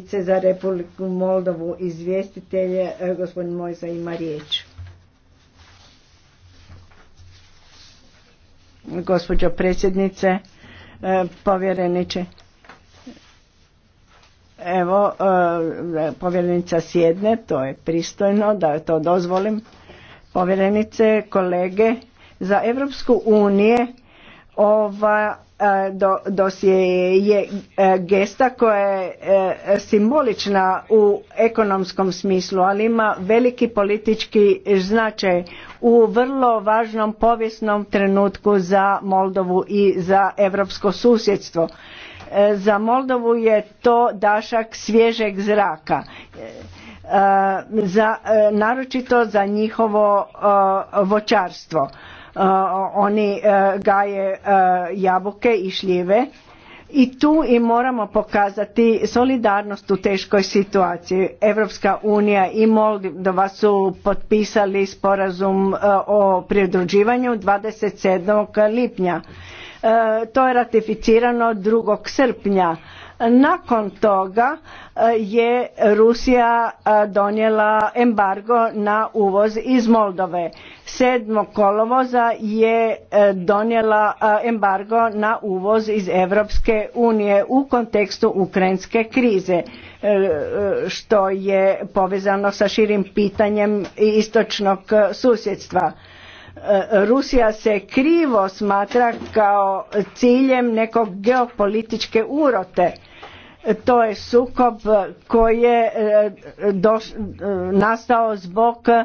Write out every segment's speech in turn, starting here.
za Republiku Moldovu izvjestitelje. E, gospodin Mojza ima riječ. Gospođo predsjednice, e, povjereniče. Evo, e, povjerenica sjedne, to je pristojno da to dozvolim. Povjerenice, kolege, za Europsku uniju ova e, do, dosje je e, gesta koja je e, simbolična u ekonomskom smislu, ali ima veliki politički značaj u vrlo važnom povijesnom trenutku za Moldovu i za europsko susjedstvo. Za Moldovu je to dašak svježeg zraka. Za, naročito za njihovo vočarstvo. Oni e, gaje e, jabuke i šljive i tu i moramo pokazati solidarnost u teškoj situaciji. Europska unija i Moldova su potpisali sporazum e, o pridruživanju 27. lipnja. To je ratificirano 2. srpnja nakon toga e, je Rusija e, donijela embargo na uvoz iz Moldove. 7. kolovoza je e, donijela embargo na uvoz iz Europske unije u kontekstu ukrajinske krize što je povezano sa širim pitanjem istočnog susjedstva. Rusija se krivo smatra kao ciljem nekog geopolitičke urote to je sukob koji je e, e, nastao zbog e,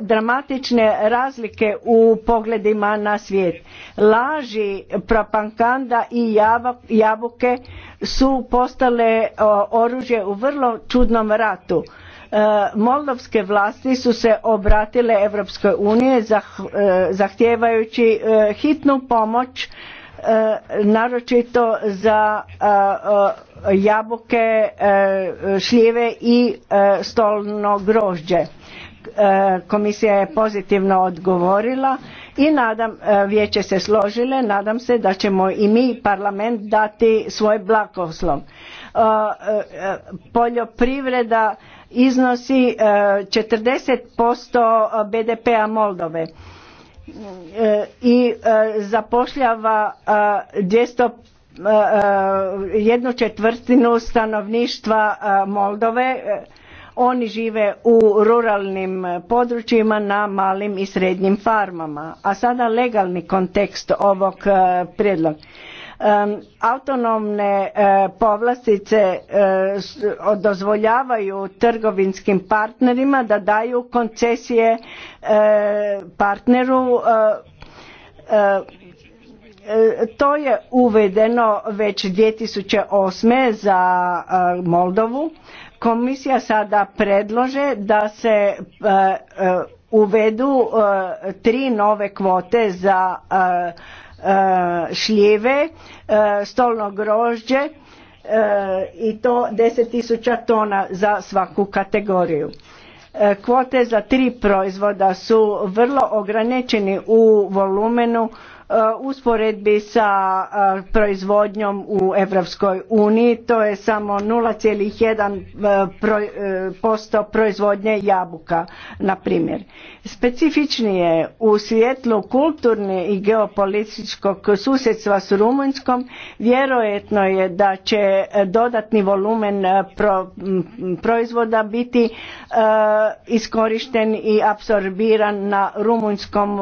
dramatične razlike u pogledima na svijet. Laži propankanda i jabuke su postale oružje u vrlo čudnom ratu. Moldovske vlasti su se obratile Europskoj unije zahtijevajući hitnu pomoć E, naročito za e, jabuke, e, šljive i stolno grožđe. Komisija je pozitivno odgovorila i nadam, vijeće se složile, nadam se da ćemo i mi parlament dati svoj blakoslov. Poljoprivreda iznosi 40% BDP-a Moldove E, i e, zapošljava e, dvjesto jednu četvrtinu stanovništva Moldove. Oni žive u ruralnim područjima na malim i srednjim farmama. A sada legalni kontekst ovog prijedloga autonomne e, povlastice e, dozvoljavaju trgovinskim partnerima da daju koncesije e, partneru to je uvedeno već 2008. za Moldovu. Komisija sada predlože da se uvedu tri nove kvote za Eh, šljive, eh, stolno grožđe eh, i to 10.000 tona za svaku kategoriju. Kvote za tri proizvoda su vrlo ograničeni u volumenu usporedbi sa e, proizvodnjom u Europskoj uniji to je samo 0,1 e, e, posto proizvodnje jabuka na primjer specifičnije u svjetlu kulturne i geopolitičkog susjedstva s Rumunjskom vjerojatno je da će dodatni volumen proizvoda biti iskorišten i apsorbiran na rumunjskom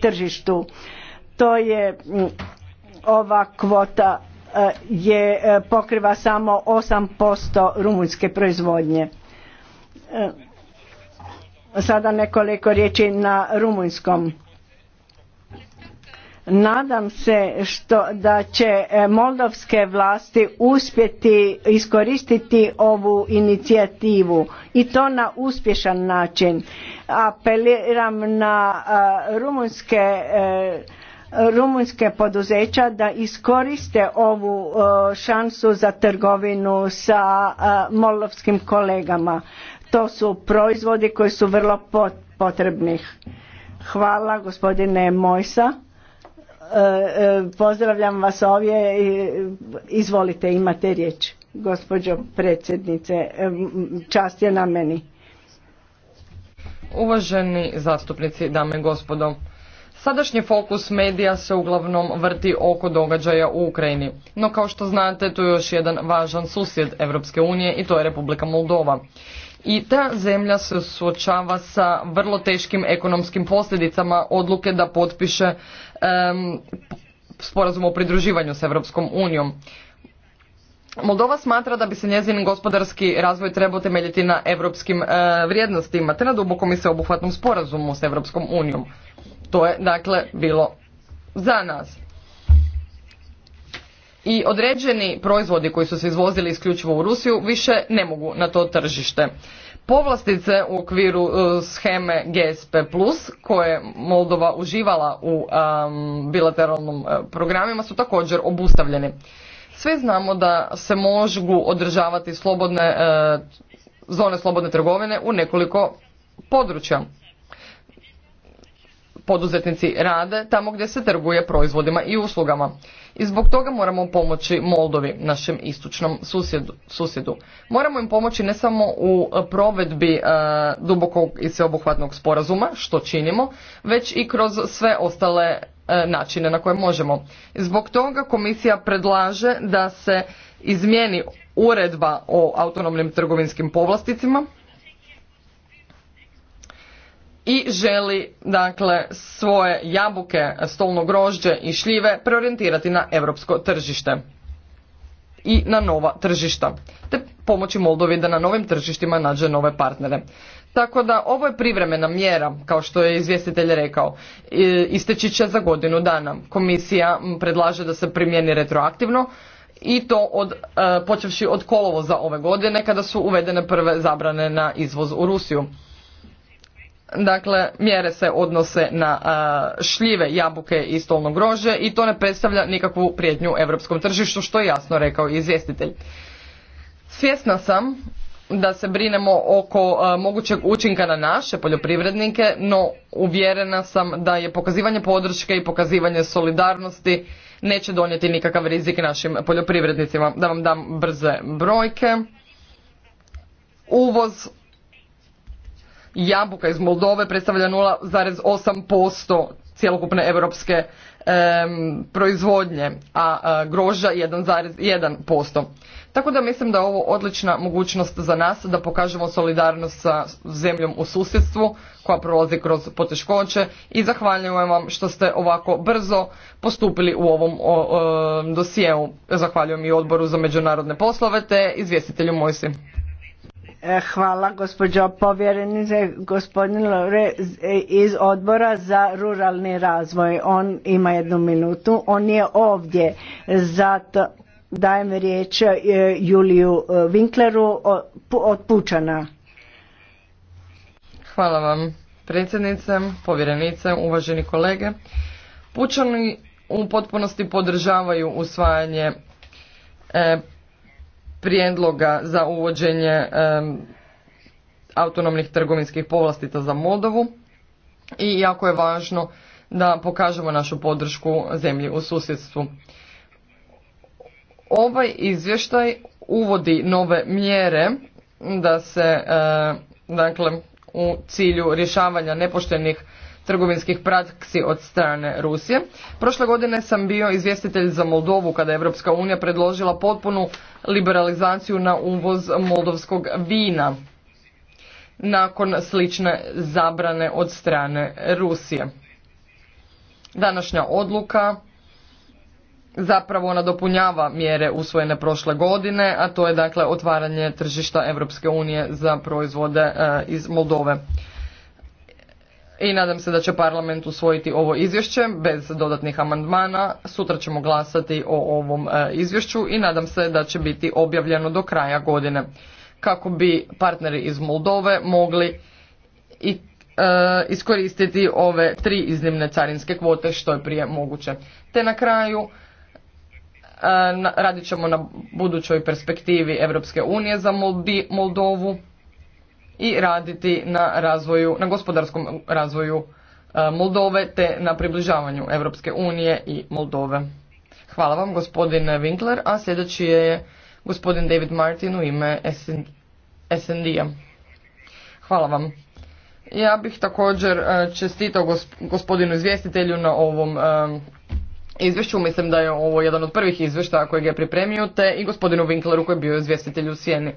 tržištu to je mm, ova kvota eh, je eh, pokriva samo 8% rumunjske proizvodnje. Eh, sada nekoliko riječi na rumunjskom. Nadam se što da će moldovske vlasti uspjeti iskoristiti ovu inicijativu i to na uspješan način. Apeliram na rumunjske rumunjske poduzeća da iskoriste ovu e, šansu za trgovinu sa e, molovskim kolegama. To su proizvodi koji su vrlo potrebni. Hvala gospodine Mojsa. E, pozdravljam vas ovdje. Izvolite, imate riječ. Gospođo predsjednice, čast je na meni. Uvaženi zastupnici, dame i gospodo, Sadašnji fokus medija se uglavnom vrti oko događaja u Ukrajini. No kao što znate, tu je još jedan važan susjed Europske unije i to je Republika Moldova. I ta zemlja se suočava sa vrlo teškim ekonomskim posljedicama odluke da potpiše um, sporazum o pridruživanju s Evropskom unijom. Moldova smatra da bi se njezin gospodarski razvoj trebao temeljiti na europskim eh, vrijednostima te na dubokom i sveobuhvatnom sporazumu s Evropskom unijom. To je dakle bilo za nas. I određeni proizvodi koji su se izvozili isključivo u Rusiju više ne mogu na to tržište. Povlastice u okviru e, scheme GSP+, koje Moldova uživala u bilateralnom e, programima, su također obustavljene. Sve znamo da se mogu održavati slobodne, e, zone slobodne trgovine u nekoliko područja poduzetnici rade tamo gdje se trguje proizvodima i uslugama. I zbog toga moramo pomoći Moldovi, našem istočnom susjedu. Moramo im pomoći ne samo u provedbi e, dubokog i sveobuhvatnog sporazuma, što činimo, već i kroz sve ostale e, načine na koje možemo. zbog toga komisija predlaže da se izmijeni uredba o autonomnim trgovinskim povlasticima, i želi dakle svoje jabuke, stolno grožđe i šljive preorijentirati na europsko tržište i na nova tržišta, te pomoći Moldovi da na novim tržištima nađe nove partnere. Tako da ovo je privremena mjera, kao što je izvjestitelj rekao, isteći će za godinu dana. Komisija predlaže da se primjeni retroaktivno i to od, e, počevši od kolovoza ove godine kada su uvedene prve zabrane na izvoz u Rusiju. Dakle, mjere se odnose na šljive, jabuke i stolno grožđe i to ne predstavlja nikakvu prijetnju europskom tržištu, što je jasno rekao izvjestitelj. Svjesna sam da se brinemo oko mogućeg učinka na naše poljoprivrednike, no uvjerena sam da je pokazivanje podrške i pokazivanje solidarnosti neće donijeti nikakav rizik našim poljoprivrednicima. Da vam dam brze brojke. Uvoz jabuka iz Moldove predstavlja 0,8% cjelokupne europske proizvodnje, a groža 1,1%. Tako da mislim da je ovo odlična mogućnost za nas da pokažemo solidarnost sa zemljom u susjedstvu koja prolazi kroz poteškoće i zahvaljujem vam što ste ovako brzo postupili u ovom o, Zahvaljujem i odboru za međunarodne poslove te izvjestitelju Mojsi. E, hvala gospođo povjerenice, gospodin e, iz odbora za ruralni razvoj. On ima jednu minutu, on je ovdje, zato dajem riječ e, Juliju Winkleru od Pučana. Hvala vam predsjednice, povjerenice, uvaženi kolege. Pučani u potpunosti podržavaju usvajanje prijedloga za uvođenje autonomnih trgovinskih povlastica za Moldovu i jako je važno da pokažemo našu podršku zemlji u susjedstvu. Ovaj izvještaj uvodi nove mjere da se, dakle, u cilju rješavanja nepoštenih trgovinskih praksi od strane Rusije. Prošle godine sam bio izvjestitelj za Moldovu kada je Europska unija predložila potpunu liberalizaciju na uvoz moldovskog vina nakon slične zabrane od strane Rusije. Današnja odluka zapravo nadopunjava dopunjava mjere usvojene prošle godine, a to je dakle otvaranje tržišta Europske unije za proizvode e, iz Moldove i nadam se da će parlament usvojiti ovo izvješće bez dodatnih amandmana. Sutra ćemo glasati o ovom e, izvješću i nadam se da će biti objavljeno do kraja godine kako bi partneri iz Moldove mogli i e, iskoristiti ove tri iznimne carinske kvote što je prije moguće. Te na kraju e, radit ćemo na budućoj perspektivi Europske unije za Moldovu i raditi na razvoju, na gospodarskom razvoju e, Moldove te na približavanju Europske unije i Moldove. Hvala vam gospodin Winkler, a sljedeći je gospodin David Martin u ime SND-a. Hvala vam. Ja bih također e, čestitao gospodinu izvjestitelju na ovom e, izvješću. Mislim da je ovo jedan od prvih izvještaja kojeg je pripremio, te i gospodinu Winkleru koji je bio izvjestitelj u Sjeni.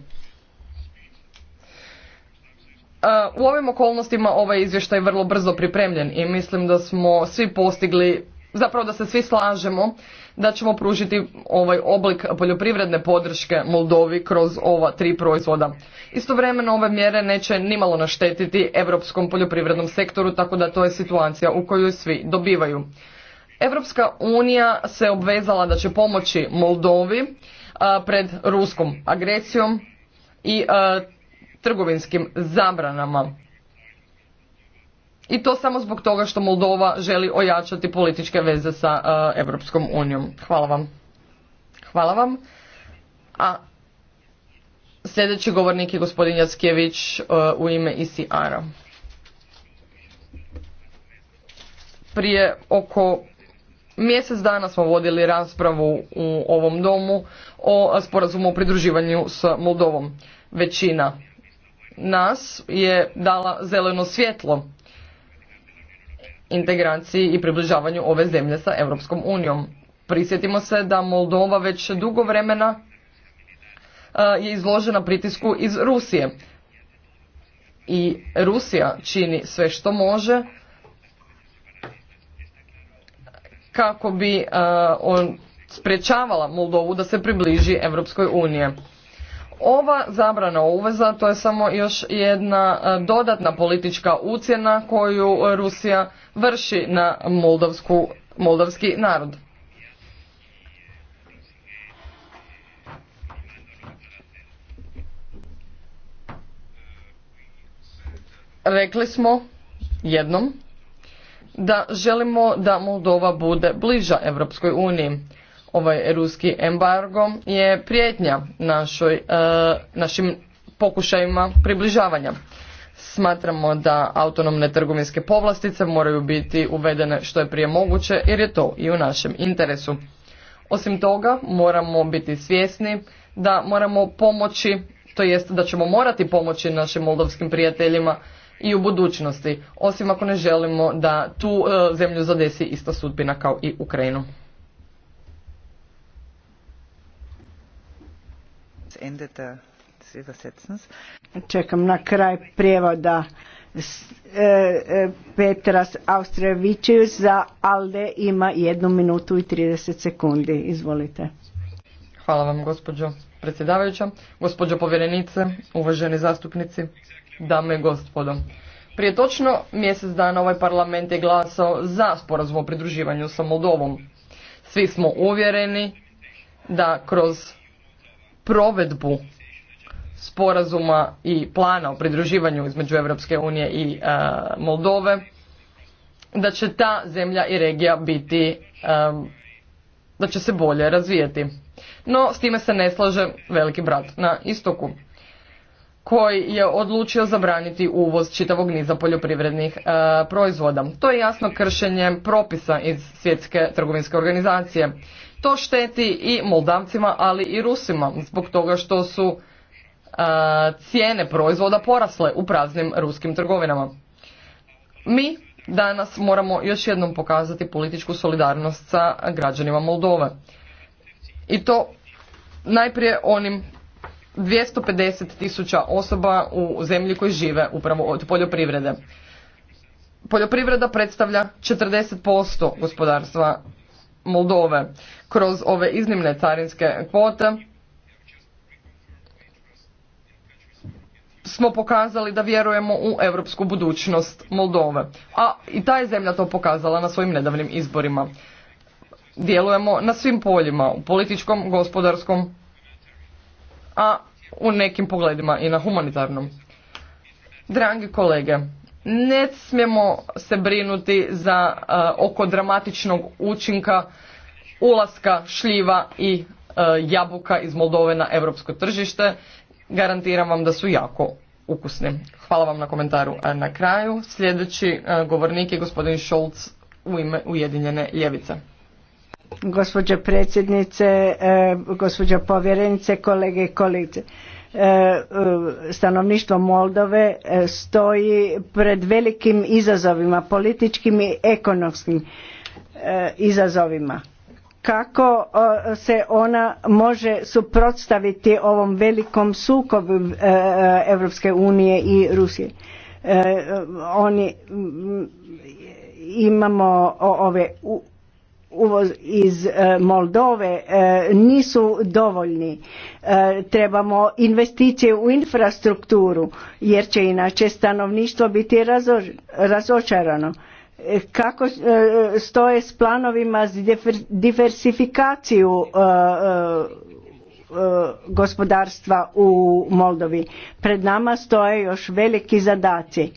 U ovim okolnostima ovaj izvještaj je vrlo brzo pripremljen i mislim da smo svi postigli, zapravo da se svi slažemo da ćemo pružiti ovaj oblik poljoprivredne podrške Moldovi kroz ova tri proizvoda. Istovremeno ove mjere neće nimalo naštetiti europskom poljoprivrednom sektoru, tako da to je situacija u kojoj svi dobivaju. Evropska unija se obvezala da će pomoći Moldovi pred ruskom agresijom i trgovinskim zabranama. I to samo zbog toga što Moldova želi ojačati političke veze sa uh, e, Europskom unijom. Hvala vam. Hvala vam. A sljedeći govornik je gospodin Jackijević e, u ime ICR-a. Prije oko mjesec dana smo vodili raspravu u ovom domu o sporazumu o pridruživanju s Moldovom. Većina nas je dala zeleno svjetlo integraciji i približavanju ove zemlje sa Europskom unijom. Prisjetimo se da Moldova već dugo vremena e, je izložena pritisku iz Rusije. I Rusija čini sve što može kako bi e, on sprečavala Moldovu da se približi Europskoj unije. Ova zabrana uveza to je samo još jedna e, dodatna politička ucjena koju Rusija vrši na moldavsku, moldavski narod. Rekli smo jednom da želimo da Moldova bude bliža Europskoj uniji. Ovaj ruski embargo je prijetnja našoj, e, našim pokušajima približavanja. Smatramo da autonomne trgovinske povlastice moraju biti uvedene što je prije moguće jer je to i u našem interesu. Osim toga moramo biti svjesni da moramo pomoći, to jest da ćemo morati pomoći našim moldovskim prijateljima i u budućnosti, osim ako ne želimo da tu e, zemlju zadesi ista sudbina kao i Ukrajinu. Čekam na kraj prijevoda e, e, Petra Austrevičius za ALDE ima jednu minutu i 30 sekundi. Izvolite. Hvala vam gospođo predsjedavajuća, gospođo povjerenice, uvaženi zastupnici, dame i gospodo. Prije točno mjesec dana ovaj parlament je glasao za sporazum o pridruživanju sa Moldovom. Svi smo uvjereni da kroz provedbu sporazuma i plana o pridruživanju između Europske unije i e, Moldove, da će ta zemlja i regija biti, e, da će se bolje razvijeti. No, s time se ne slaže veliki brat na istoku, koji je odlučio zabraniti uvoz čitavog niza poljoprivrednih e, proizvoda. To je jasno kršenje propisa iz svjetske trgovinske organizacije. To šteti i Moldavcima, ali i Rusima, zbog toga što su e, cijene proizvoda porasle u praznim ruskim trgovinama. Mi danas moramo još jednom pokazati političku solidarnost sa građanima Moldove. I to najprije onim 250 tisuća osoba u zemlji koji žive upravo od poljoprivrede. Poljoprivreda predstavlja 40% gospodarstva Moldove kroz ove iznimne carinske kvote smo pokazali da vjerujemo u europsku budućnost Moldove. A i ta je zemlja to pokazala na svojim nedavnim izborima. Djelujemo na svim poljima, u političkom, gospodarskom, a u nekim pogledima i na humanitarnom. Dragi kolege, ne smijemo se brinuti za e, oko dramatičnog učinka ulaska šljiva i e, jabuka iz Moldove na europsko tržište. Garantiram vam da su jako ukusni. Hvala vam na komentaru na kraju. Sljedeći e, govornik je gospodin Šolc u ime Ujedinjene ljevice. Gospođo predsjednice, gospođo povjerenice, kolege i kolegice E, e, stanovništvo Moldove e, stoji pred velikim izazovima, političkim i ekonomskim izazovima. Kako se ona može suprotstaviti ovom velikom sukobu Europske unije i Rusije? Oni imamo ove uvoz iz e, Moldove e, nisu dovoljni. E, trebamo investicije u infrastrukturu jer će inače stanovništvo biti razočarano. Kako stoje s planovima za diversifikaciju gospodarstva u Moldovi? Pred nama stoje još veliki zadaci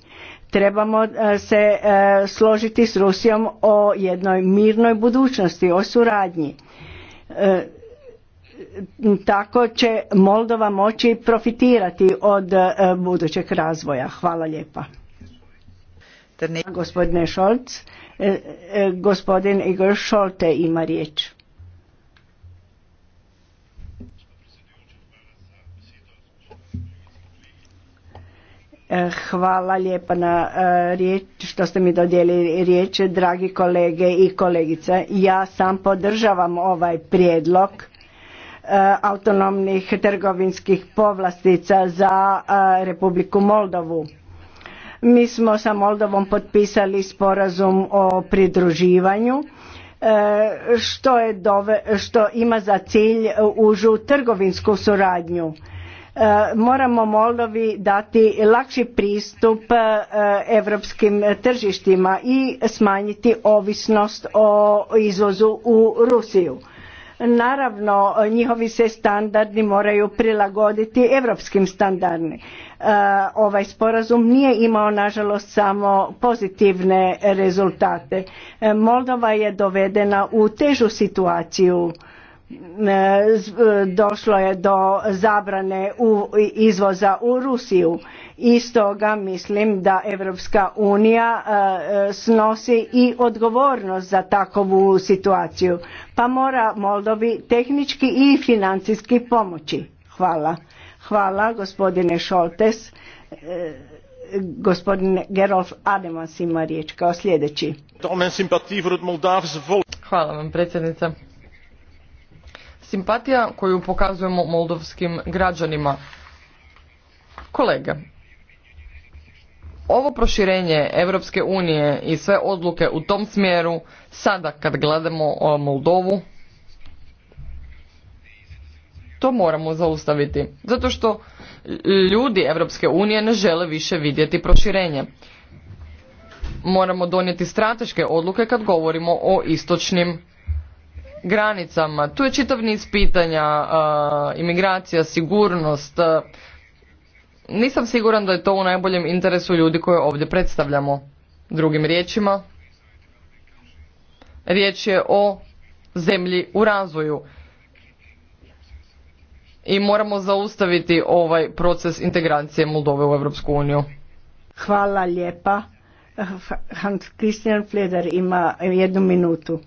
Trebamo e, se e, složiti s Rusijom o jednoj mirnoj budućnosti, o suradnji. E, tako će Moldova moći profitirati od budućeg razvoja. Hvala lijepa. Gospodine Šolc, gospodin Igor Šolte ima riječ. E, hvala lijepa na e, riječ što ste mi dodijeli riječ, dragi kolege i kolegice. Ja sam podržavam ovaj prijedlog e, autonomnih trgovinskih povlastica za Republiku Moldovu. Mi smo sa Moldovom potpisali sporazum o pridruživanju što, što ima za cilj užu trgovinsku suradnju E, moramo Moldovi dati lakši pristup europskim tržištima i smanjiti ovisnost o izvozu u Rusiju. Naravno, njihovi se standardi moraju prilagoditi europskim standardima. E, ovaj sporazum nije imao, nažalost, samo pozitivne rezultate. E, Moldova je dovedena u težu situaciju E, e, došlo je do zabrane izvoza u Rusiju i stoga mislim da Evropska unija e, snosi i odgovornost za takovu situaciju pa mora Moldovi tehnički i financijski pomoći. Hvala. Hvala gospodine Šoltes. Gospodin Gerolf Ademans ima riječ kao sljedeći. Hvala vam predsjednica. Simpatija koju pokazujemo moldovskim građanima. Kolege, ovo proširenje Europske unije i sve odluke u tom smjeru, sada kad gledamo Moldovu, to moramo zaustaviti. Zato što ljudi Europske unije ne žele više vidjeti proširenje. Moramo donijeti strateške odluke kad govorimo o istočnim granicama. Tu je čitav niz pitanja, imigracija, sigurnost. Nisam siguran da je to u najboljem interesu ljudi koje ovdje predstavljamo. Drugim riječima, riječ je o zemlji u razvoju i moramo zaustaviti ovaj proces integracije Moldove u Europsku uniju. Hvala lijepa. Hans Christian Fleder ima jednu minutu.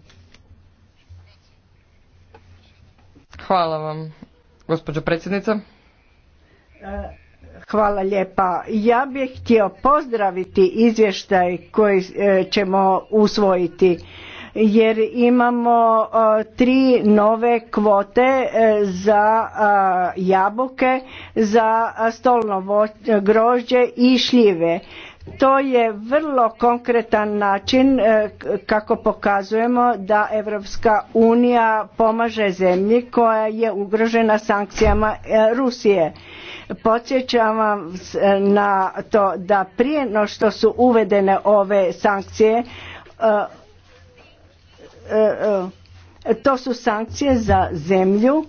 Hvala vam, gospođo predsjednica. E, hvala lijepa. Ja bih htio pozdraviti izvještaj koji e, ćemo usvojiti jer imamo e, tri nove kvote za jabuke, za stolno grožđe i šljive. To je vrlo konkretan način e, kako pokazujemo da Evropska unija pomaže zemlji koja je ugrožena sankcijama e, Rusije. Podsjećam vam e, na to da prije no što su uvedene ove sankcije to su sankcije za zemlju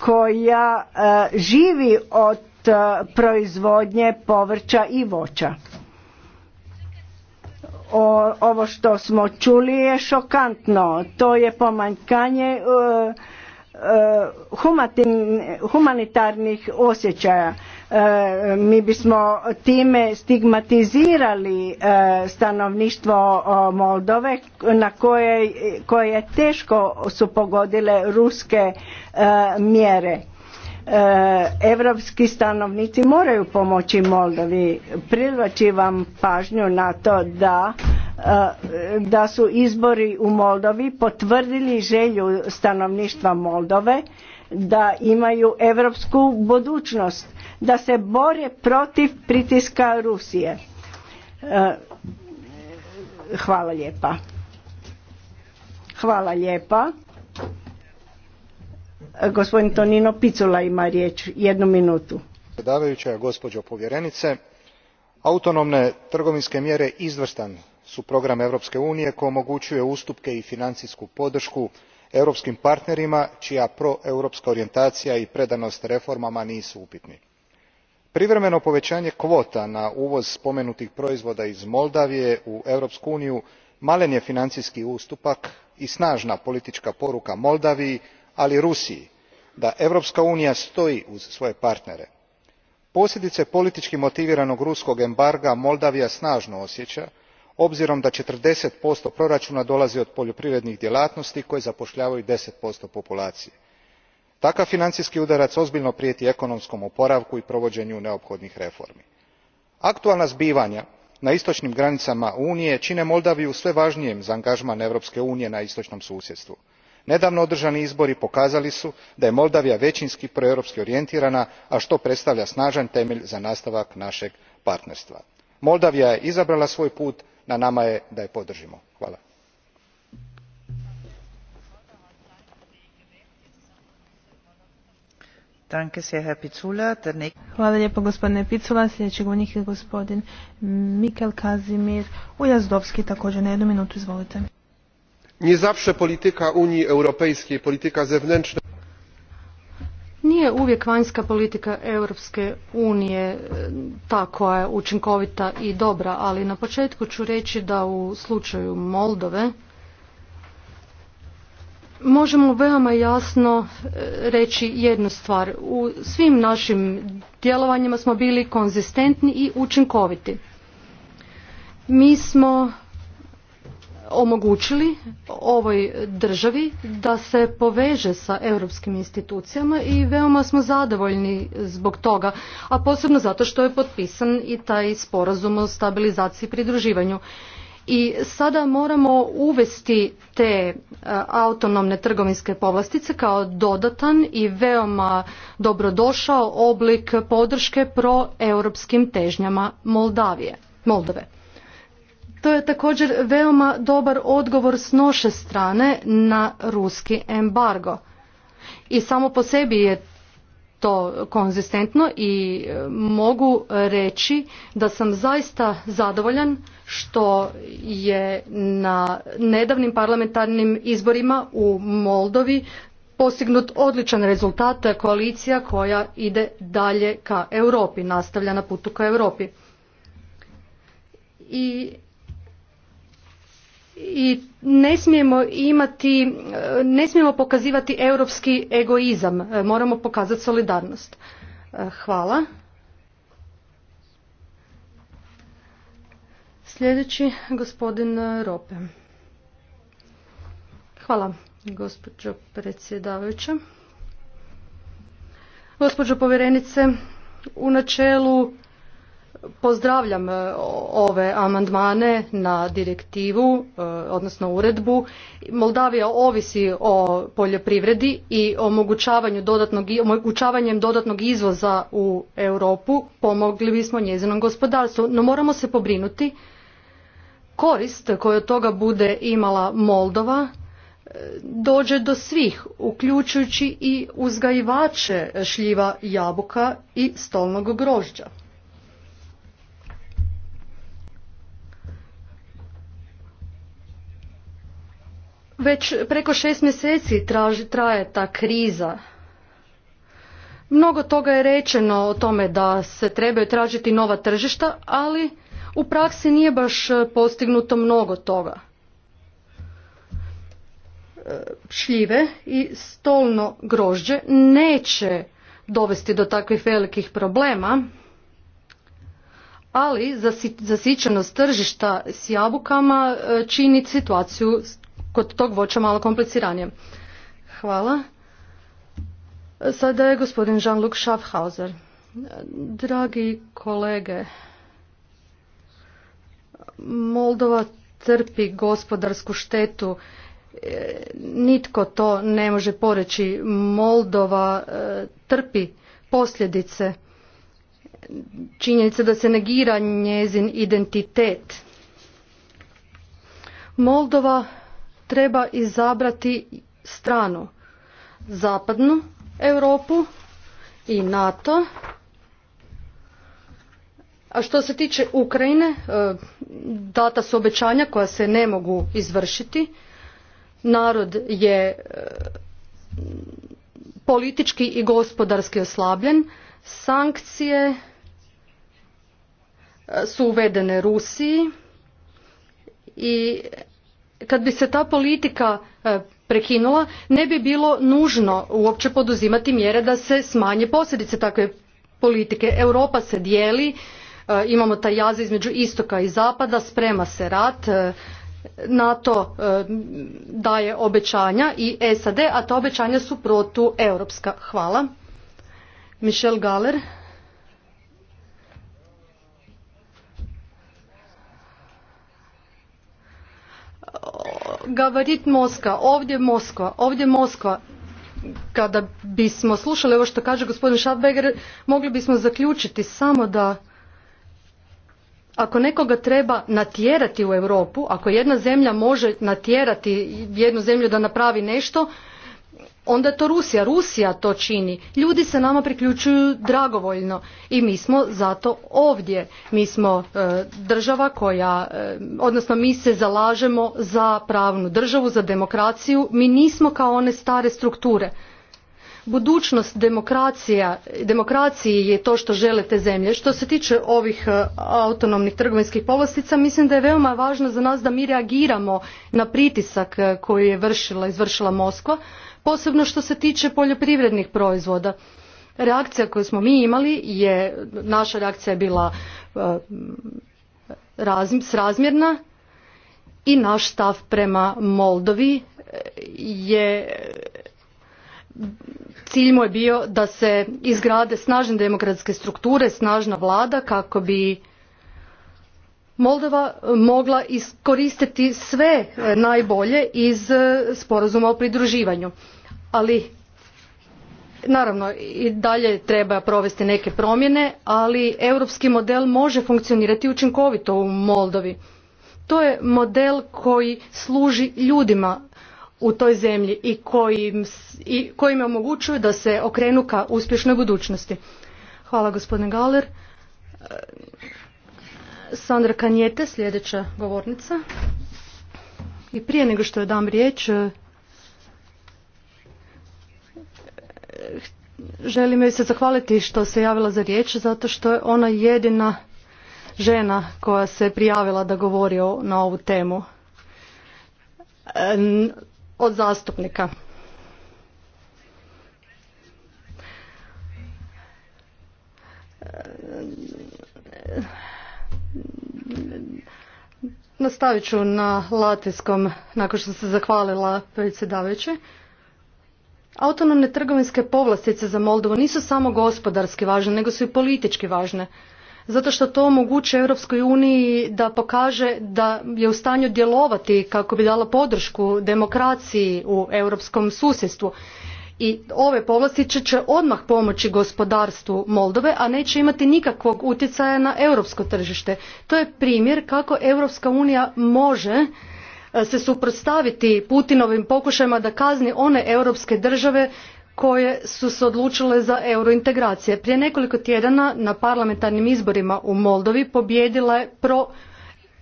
koja živi od E, proizvodnje povrća i voća. ovo što smo čuli je šokantno. To je pomanjkanje uh, humanitarnih osjećaja. mi bismo time stigmatizirali stanovništvo Moldove na koje, koje teško su pogodile ruske mjere Europski stanovnici moraju pomoći Moldavi. vam pažnju na to da e, da su izbori u Moldovi potvrdili želju stanovništva Moldove da imaju europsku budućnost, da se bore protiv pritiska Rusije. E, hvala lijepa. Hvala lijepa. Gospodin Tonino Picula ima riječ. Jednu minutu. gospođo povjerenice, autonomne trgovinske mjere izvrstan su program Europske unije koji omogućuje ustupke i financijsku podršku europskim partnerima čija proeuropska orijentacija i predanost reformama nisu upitni privremeno povećanje kvota na uvoz spomenutih proizvoda iz moldavije u europsku uniju malen je financijski ustupak i snažna politička poruka moldaviji ali i rusiji da europska unija stoji uz svoje partnere. posljedice politiki motiviranog ruskog embarga moldavija snano osjea obzirom da forty prorauna dolazi od poljoprivrednih djelatnosti koje zapoljavaju ten populacije. takav financijski udarac ozbiljno prijeti ekonomskom oporavku i provođenju neophodnih reformi. aktualna zbivanja na istonim granicama unije čine moldaviju sve važnijem za angažman europske unije na istočnom susjedstvu nedavno održani izbori pokazali su da je moldavija većinski proeuropski orijentirana a što predstavlja snažan temelj za nastavak našeg partnerstva. moldavija je izabrala svoj put na nama je da je podržimo. Hvala lijepo gospodine Picula. Sljedeći govornik je gospodin mikel Kazimir Ujazdovski također na jednu minutu. Izvolite nie zawsze polityka unii europejskiej polityka zewnętrzna nije uvijek vanjska politika Europske unije e, ta koja je učinkovita i dobra, ali na početku ću reći da u slučaju Moldove možemo veoma jasno e, reći jednu stvar. U svim našim djelovanjima smo bili konzistentni i učinkoviti. Mi smo omogućili ovoj državi da se poveže sa europskim institucijama i veoma smo zadovoljni zbog toga, a posebno zato što je potpisan i taj sporazum o stabilizaciji i pridruživanju. I sada moramo uvesti te e, autonomne trgovinske povlastice kao dodatan i veoma dobrodošao oblik podrške pro europskim težnjama Moldavije, Moldove. To je također veoma dobar odgovor s noše strane na ruski embargo. I samo po sebi je to konzistentno i e, mogu reći da sam zaista zadovoljan što je na nedavnim parlamentarnim izborima u Moldovi postignut odličan rezultat koalicija koja ide dalje ka Europi, nastavlja na putu ka Europi. I i ne smijemo imati, ne smijemo pokazivati europski egoizam, e, moramo pokazati solidarnost. E, hvala. Sljedeći, gospodin Rope. Hvala, gospođo predsjedavajuća. Gospođo povjerenice, u načelu Pozdravljam e, ove amandmane na direktivu, e, odnosno uredbu. Moldavija ovisi o poljoprivredi i omogućavanju dodatnog, omogućavanjem dodatnog izvoza u Europu pomogli bismo njezinom gospodarstvu. No moramo se pobrinuti korist koju od toga bude imala Moldova e, dođe do svih, uključujući i uzgajivače šljiva jabuka i stolnog grožđa. Već preko šest mjeseci traži, traje ta kriza. Mnogo toga je rečeno o tome da se trebaju tražiti nova tržišta, ali u praksi nije baš postignuto mnogo toga. E, šljive i stolno grožđe neće dovesti do takvih velikih problema, ali zasičenost tržišta s jabukama e, čini situaciju kod tog voća malo kompliciranije. Hvala. Sada je gospodin Jean-Luc Schaffhauser. Dragi kolege, Moldova trpi gospodarsku štetu. E, nitko to ne može poreći. Moldova e, trpi posljedice Činjenica da se negira njezin identitet. Moldova treba izabrati stranu zapadnu Europu i NATO. A što se tiče Ukrajine, e, data su obećanja koja se ne mogu izvršiti. Narod je e, politički i gospodarski oslabljen. Sankcije e, su uvedene Rusiji i kad bi se ta politika e, prekinula ne bi bilo nužno uopće poduzimati mjere da se smanje posljedice takve politike. Europa se dijeli, e, imamo taj jaz između istoka i zapada, sprema se rat, e, NATO daje obećanja i SAD, a ta obećanja su protueuropska. Hvala. Michel Galer. gabarit Moskva, ovdje Moskva, ovdje Moskva. Kada bismo slušali ovo što kaže gospodin Schaffberger, mogli bismo zaključiti samo da ako nekoga treba natjerati u Europu, ako jedna zemlja može natjerati jednu zemlju da napravi nešto, onda je to Rusija. Rusija to čini. Ljudi se nama priključuju dragovoljno i mi smo zato ovdje. Mi smo e, država koja, e, odnosno mi se zalažemo za pravnu državu, za demokraciju. Mi nismo kao one stare strukture. Budućnost demokracija, demokracije je to što žele te zemlje. Što se tiče ovih e, autonomnih trgovinskih povlastica, mislim da je veoma važno za nas da mi reagiramo na pritisak koji je vršila, izvršila Moskva posebno što se tiče poljoprivrednih proizvoda. Reakcija koju smo mi imali je, naša reakcija je bila e, srazmjerna i naš stav prema Moldovi e, je cilj mu je bio da se izgrade snažne demokratske strukture, snažna vlada kako bi Moldova eh, mogla iskoristiti sve eh, najbolje iz eh, sporazuma o pridruživanju. Ali naravno i dalje treba provesti neke promjene, ali europski model može funkcionirati učinkovito u Moldovi. To je model koji služi ljudima u toj zemlji i koji im omogućuje da se okrenu ka uspješnoj budućnosti. Hvala gospodine Galler. Sandra Kanjete, sljedeća govornica. I prije nego što joj dam riječ, eh, želim joj se zahvaliti što se javila za riječ, zato što je ona jedina žena koja se prijavila da govori o, na ovu temu od zastupnika. Nastavit ću na latinskom nakon što se zahvalila predsjedavajući. Autonomne trgovinske povlastice za Moldovu nisu samo gospodarski važne, nego su i politički važne. Zato što to omogućuje Europskoj uniji da pokaže da je u stanju djelovati kako bi dala podršku demokraciji u europskom susjedstvu i ove povlastice će odmah pomoći gospodarstvu Moldove, a neće imati nikakvog utjecaja na europsko tržište. To je primjer kako Europska unija može e, se suprotstaviti Putinovim pokušajima da kazni one europske države koje su se odlučile za eurointegracije. Prije nekoliko tjedana na parlamentarnim izborima u Moldovi pobijedila je pro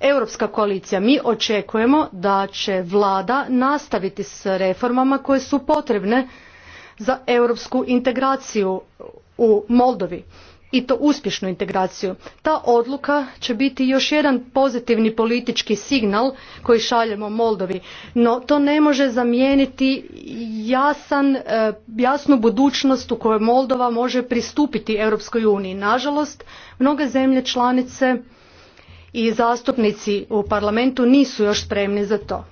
europska koalicija. Mi očekujemo da će vlada nastaviti s reformama koje su potrebne za europsku integraciju u Moldovi i to uspješnu integraciju. Ta odluka će biti još jedan pozitivni politički signal koji šaljemo Moldovi, no to ne može zamijeniti jasan, e, jasnu budućnost u kojoj Moldova može pristupiti Europskoj uniji. Nažalost, mnoge zemlje članice i zastupnici u parlamentu nisu još spremni za to.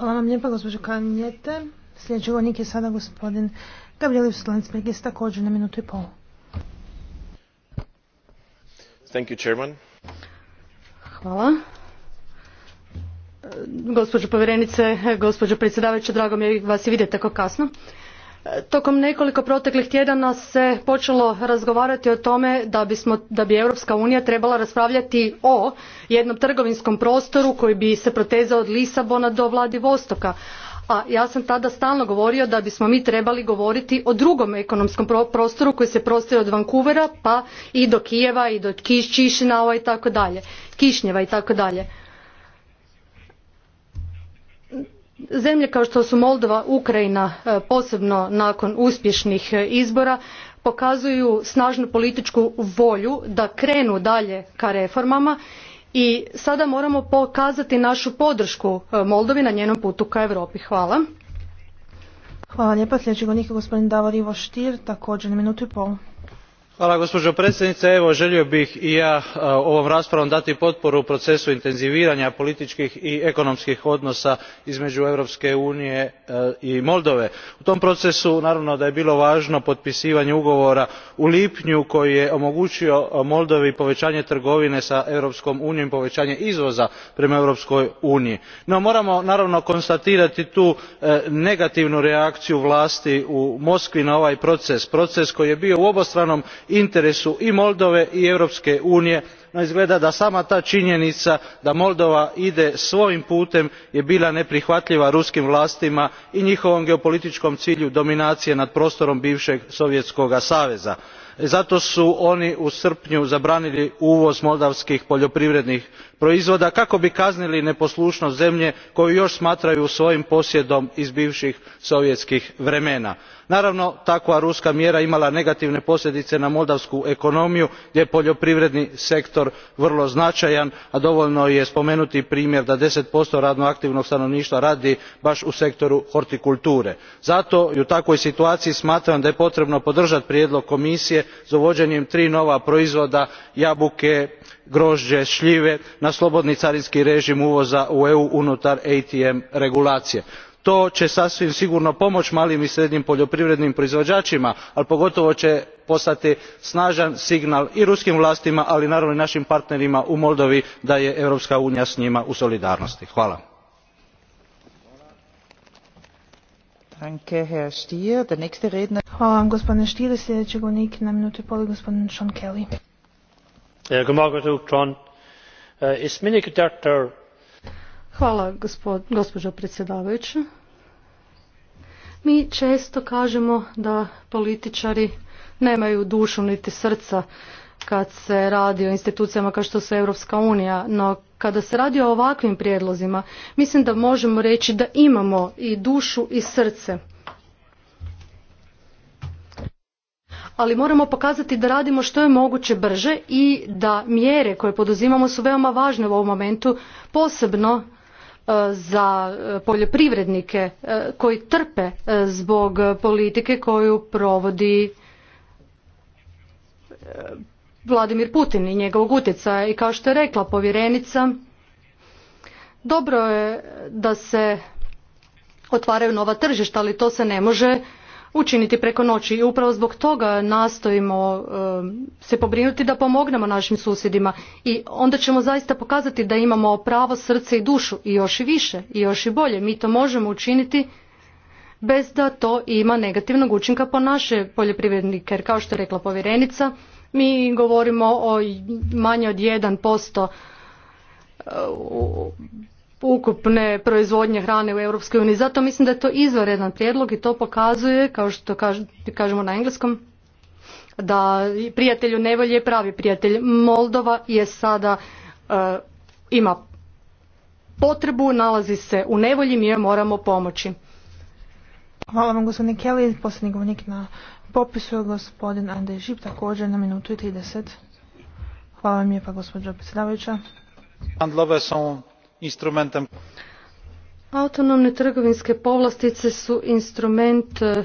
Hvala vam lijepa, gospođo Kanjete. Sljedeći govornik je sada gospodin Gabriel Slansberg, je također na minutu i pol. Thank you, chairman. Hvala. Gospođo povjerenice, gospođo predsjedavajuća, drago mi je vas i vidjeti tako kasno. Tokom nekoliko proteklih tjedana se počelo razgovarati o tome da, da bi Europska unija trebala raspravljati o jednom trgovinskom prostoru koji bi se protezao od Lisabona do Vladivostoka. A ja sam tada stalno govorio da bismo mi trebali govoriti o drugom ekonomskom prostoru koji se prostire od Vancouvera pa i do Kijeva i do Kiš, tako dalje, Kišnjeva i tako dalje zemlje kao što su moldova ukrajina e, posebno nakon uspješnih e, izbora pokazuju snažnu političku volju da krenu dalje ka reformama i sada moramo pokazati našu podršku e, moldovi na njenom putu ka europi. hvala. Hvala lijepa. Sljedeći gospodin Davor Ivo i pol gospođo predsjednice želio bih i ja e, ovom raspravom dati potporu procesu intenziviranja političkih i ekonomskih odnosa između europske unije e, i moldove. u tom procesu naravno da je bilo važno potpisivanje ugovora u lipnju koji je omogućio moldovi povećanje trgovine s europskom unijom i povećanje izvoza prema europskoj uniji. no moramo naravno konstatirati tu e, negativnu reakciju vlasti u moskvi na ovaj proces proces koji je bio u obostranom interesu i moldove i europske unije no izgleda da sama ta činjenica da moldova ide svojim putem je bila neprihvatljiva ruskim vlastima i njihovom geopolitičkom cilju dominacije nad prostorom bivšeg sovjetskog saveza. zato su oni u srpnju zabranili uvoz moldavskih poljoprivrednih proizvoda kako bi kaznili neposlušnost zemlje koju još smatraju svojim posjedom iz bivših sovjetskih vremena. naravno takva ruska mjera imala je negativne posljedice na moldavsku ekonomiju gdje je poljoprivredni sektor vrlo značajan a dovoljno je spomenuti primjer da ten radno aktivnog stanovništva radi baš u sektoru hortikulture. zato i u takvoj situaciji smatram da je potrebno podržati prijedlog komisije za uvođenjem tri nova proizvoda jabuke grožđe šljive na slobodni carinski režim uvoza u eu unutar atm regulacije. to će sasvim sigurno pomoći malim i srednjim poljoprivrednim proizvođačima ali pogotovo će poslati snažan signal i ruskim vlastima ali naravno i našim partnerima u moldovi da je europska unija s njima u solidarnosti. hvala. Eh, eh, Hvala gospođo Mi često kažemo da političari nemaju dušu niti srca kad se radi o institucijama kao što su Europska unija, no kada se radi o ovakvim prijedlozima mislim da možemo reći da imamo i dušu i srce. ali moramo pokazati da radimo što je moguće brže i da mjere koje poduzimamo su veoma važne u ovom momentu, posebno e, za e, poljoprivrednike e, koji trpe zbog politike koju provodi Vladimir Putin i njegovog utjecaja i kao što je rekla povjerenica dobro je da se otvaraju nova tržišta ali to se ne može učiniti preko noći i upravo zbog toga nastojimo um, se pobrinuti da pomognemo našim susjedima i onda ćemo zaista pokazati da imamo pravo srce i dušu i još i više i još i bolje. Mi to možemo učiniti bez da to ima negativnog učinka po naše poljoprivrednike jer kao što je rekla povjerenica mi govorimo o manje od 1% ukupne proizvodnje hrane u Europskoj uniji. Zato mislim da je to izvanredan prijedlog i to pokazuje, kao što kažemo na engleskom, da prijatelju nevolje je pravi prijatelj. Moldova je sada e, ima potrebu, nalazi se u nevolji, mi joj moramo pomoći. Hvala vam gospodine Kelly, posljednji govornik na popisu je gospodin Andrej Žip, također na minutu i 30. Hvala vam lijepa gospođo predsjedavajuća. Handlove są instrumentom autonomne trgovinske povlastice su instrument e,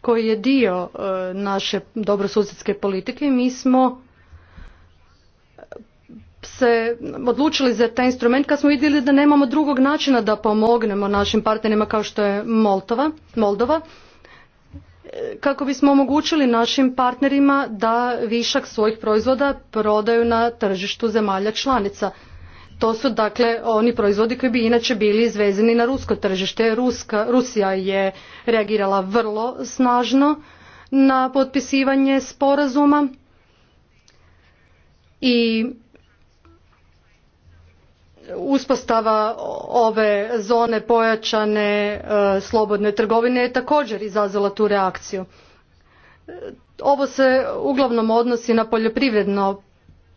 koji je dio e, naše dobrosusjedske politike i mi smo se odlučili za taj instrument kad smo vidjeli da nemamo drugog načina da pomognemo našim partnerima kao što je Moldova, Moldova e, kako bismo omogućili našim partnerima da višak svojih proizvoda prodaju na tržištu zemalja članica. To su dakle oni proizvodi koji bi inače bili izvezeni na rusko tržište. Ruska, Rusija je reagirala vrlo snažno na potpisivanje sporazuma i uspostava ove zone pojačane e, slobodne trgovine je također izazvala tu reakciju. E, ovo se uglavnom odnosi na poljoprivredno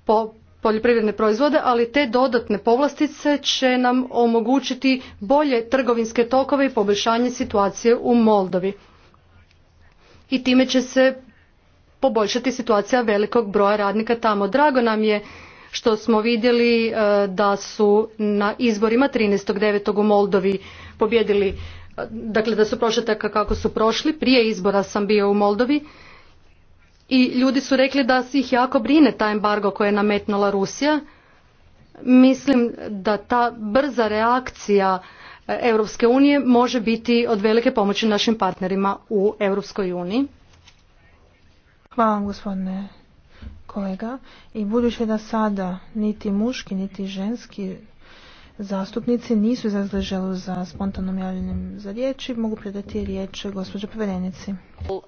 po poljoprivredne proizvode, ali te dodatne povlastice će nam omogućiti bolje trgovinske tokove i poboljšanje situacije u Moldovi. I time će se poboljšati situacija velikog broja radnika tamo. Drago nam je što smo vidjeli e, da su na izborima 13.9. u Moldovi pobjedili, e, dakle da su prošli kako su prošli. Prije izbora sam bio u Moldovi i ljudi su rekli da se ih jako brine taj embargo koje je nametnula Rusija. Mislim da ta brza reakcija eh, Europske unije može biti od velike pomoći našim partnerima u Europskoj uniji. Hvala vam gospodine kolega. I budući da sada niti muški, niti ženski zastupnici nisu izrazili za spontanom javljanjem za riječ mogu predati riječ gospođo povjerenici. Uh,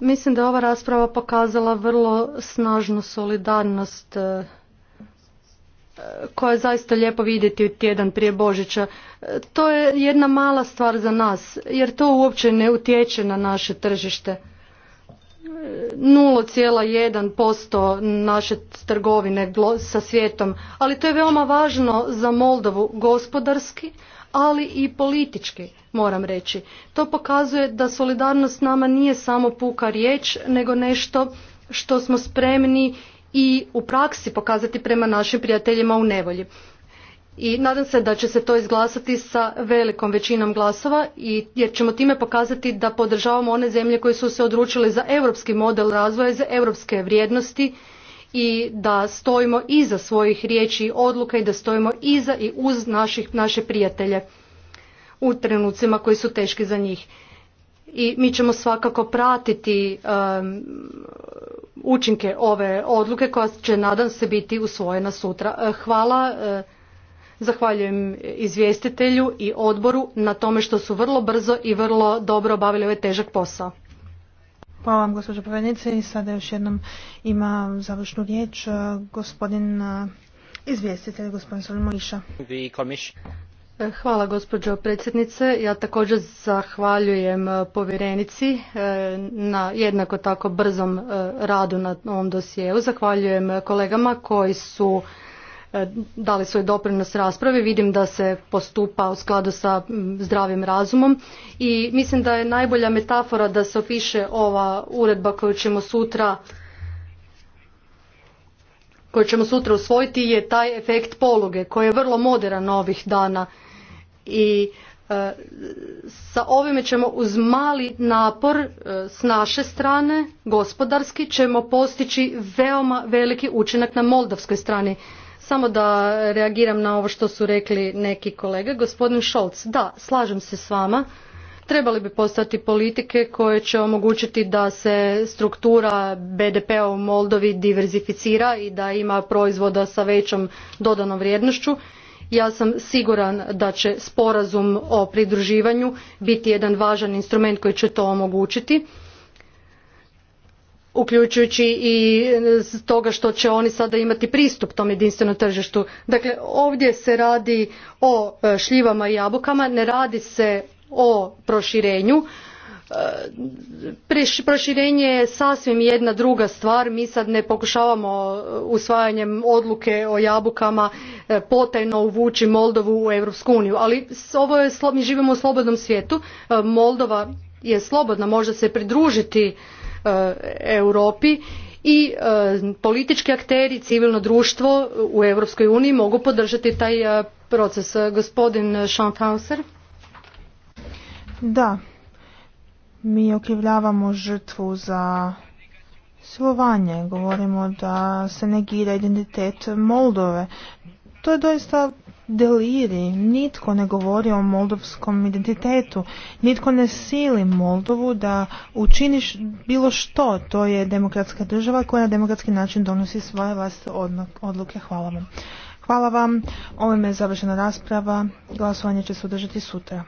Mislim da je ova rasprava pokazala vrlo snažnu solidarnost uh, uh, koja je zaista lijepo vidjeti tjedan prije Božića. To je jedna mala stvar za nas jer to uopće ne utječe na naše tržište 0,1% naše trgovine sa svijetom, ali to je veoma važno za Moldovu gospodarski, ali i politički, moram reći. To pokazuje da solidarnost nama nije samo puka riječ, nego nešto što smo spremni i u praksi pokazati prema našim prijateljima u nevolji i nadam se da će se to izglasati sa velikom većinom glasova i jer ćemo time pokazati da podržavamo one zemlje koje su se odručile za europski model razvoja za europske vrijednosti i da stojimo iza svojih riječi i odluka i da stojimo iza i uz naših, naše prijatelje u trenucima koji su teški za njih i mi ćemo svakako pratiti učinke ove odluke koja će nadam se biti usvojena sutra hvala e, Zahvaljujem izvjestitelju i odboru na tome što su vrlo brzo i vrlo dobro obavili ovaj težak posao. Hvala vam gospođo povjednice i sada još jednom ima završnu riječ e, gospodin e, izvjestitelj gospodin Solomoniša. E, hvala gospođo predsjednice. Ja također zahvaljujem povjerenici na jednako tako brzom radu na ovom dosjeu. Zahvaljujem kolegama koji su E, dali svoj doprinos raspravi. Vidim da se postupa u skladu sa zdravim razumom i mislim da je najbolja metafora da se opiše ova uredba koju ćemo sutra koju ćemo sutra usvojiti je taj efekt poluge koji je vrlo moderan ovih dana i e, sa ovime ćemo uz mali napor e, s naše strane gospodarski ćemo postići veoma veliki učinak na moldavskoj strani samo da reagiram na ovo što su rekli neki kolege. Gospodin Šolc, da, slažem se s vama. Trebali bi postati politike koje će omogućiti da se struktura BDP-a u Moldovi diverzificira i da ima proizvoda sa većom dodanom vrijednošću. Ja sam siguran da će sporazum o pridruživanju biti jedan važan instrument koji će to omogućiti uključujući i toga što će oni sada imati pristup tom jedinstvenom tržištu. Dakle, ovdje se radi o e, šljivama i jabukama, ne radi se o proširenju. E, proširenje je sasvim jedna druga stvar, mi sad ne pokušavamo e, usvajanjem odluke o jabukama potajno uvući Moldovu u Europsku uniju, ali ovo je, mi živimo u slobodnom svijetu, Moldova je slobodna, može se pridružiti Eh, Europi i eh, politički akteri, civilno društvo u Europskoj uniji mogu podržati taj eh, proces. Gospodin Da, mi okrivljavamo žrtvu za slovanje. govorimo da se negira identitet Moldove. To je doista deliri, nitko ne govori o moldovskom identitetu, nitko ne sili Moldovu da učiniš bilo što, to je demokratska država koja na demokratski način donosi svoje vlastite odluke. Hvala vam. Hvala vam, ovime je završena rasprava, glasovanje će se održati sutra.